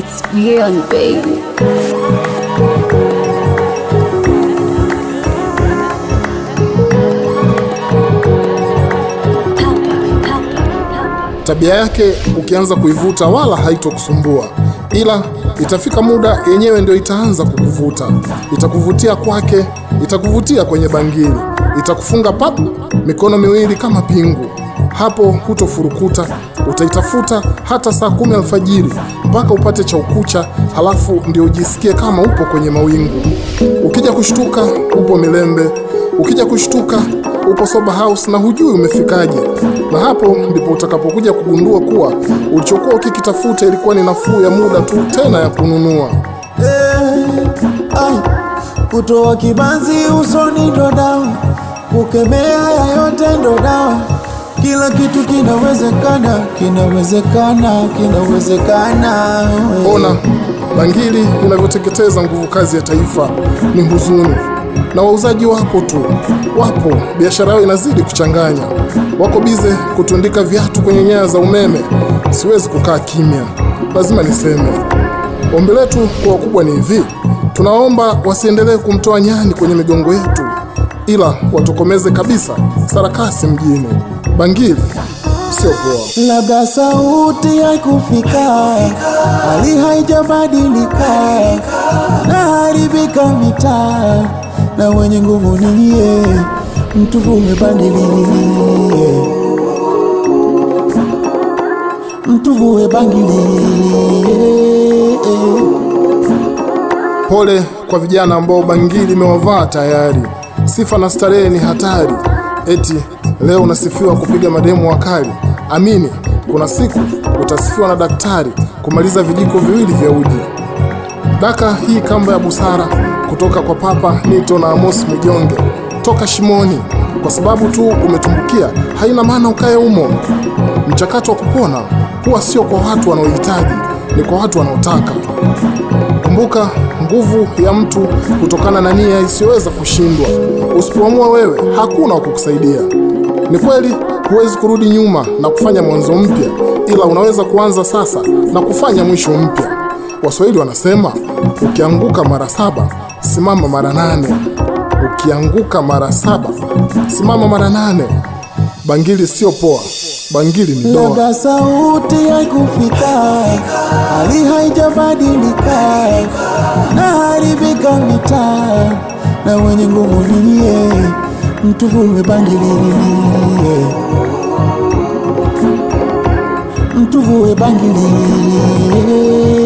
It's beyond, baby. Tabia yake ukianza kuivuta wala haitokusumbua, ila itafika muda yenyewe ndio itaanza kukuvuta. Itakuvutia kwake, itakuvutia kwenye bangili, itakufunga papu mikono miwili kama pingu. Hapo hutofurukuta utaitafuta hata saa kumi alfajiri mpaka upate cha ukucha, halafu ndio ujisikie kama upo kwenye mawingu. Ukija kushtuka upo Milembe, ukija kushtuka upo Soba House na hujui umefikaje. Na hapo ndipo utakapokuja kugundua kuwa ulichokuwa ukikitafuta ilikuwa ni nafuu ya muda tu, tena ya kununua. Hey, eh, kutoa kibanzi usoni ndo dawa, kukemea yayote ndo dawa kila kitu kinawezekana, kinawezekana, kinawezekana. Ona bangili inavyoteketeza nguvu kazi ya taifa, ni huzuni. Na wauzaji wapo tu, wapo, biashara yao inazidi kuchanganya, wako bize kutundika viatu kwenye nyaya za umeme. Siwezi kukaa kimya, lazima niseme. Ombi letu kwa wakubwa ni hivi, tunaomba wasiendelee kumtoa nyani kwenye migongo yetu ila watokomeze kabisa sarakasi mjini. Bangili sio poa, labda sauti haikufika, hali haijabadilika, naharibika mitaa na wenye nguvu nilie, mtuvume bangilie, mtuvue bangili. Pole kwa vijana ambao bangili imewavaa tayari. Sifa na starehe ni hatari, eti leo unasifiwa kupiga mademu wakali. Amini, kuna siku utasifiwa na daktari kumaliza vijiko viwili vya uji. Daka hii kamba ya busara kutoka kwa Papa Nito na Amos Mjonge toka shimoni. Kwa sababu tu umetumbukia haina maana ukae umo. Mchakato wa kupona huwa sio kwa watu wanaohitaji, ni kwa watu wanaotaka. Kumbuka, nguvu ya mtu kutokana na nia isiyoweza kushindwa. Usipoamua wewe, hakuna wa kukusaidia. Ni kweli huwezi kurudi nyuma na kufanya mwanzo mpya, ila unaweza kuanza sasa na kufanya mwisho mpya. Waswahili wanasema ukianguka mara saba simama mara nane. Ukianguka mara saba simama mara nane. Bangili sio poa bangili ni doa. Labda sauti haikufika, hali haijabadilika, na haribika mitaa na wenye nguvu lilie, mtuvue bangili lilie, mtuvue bangili lilie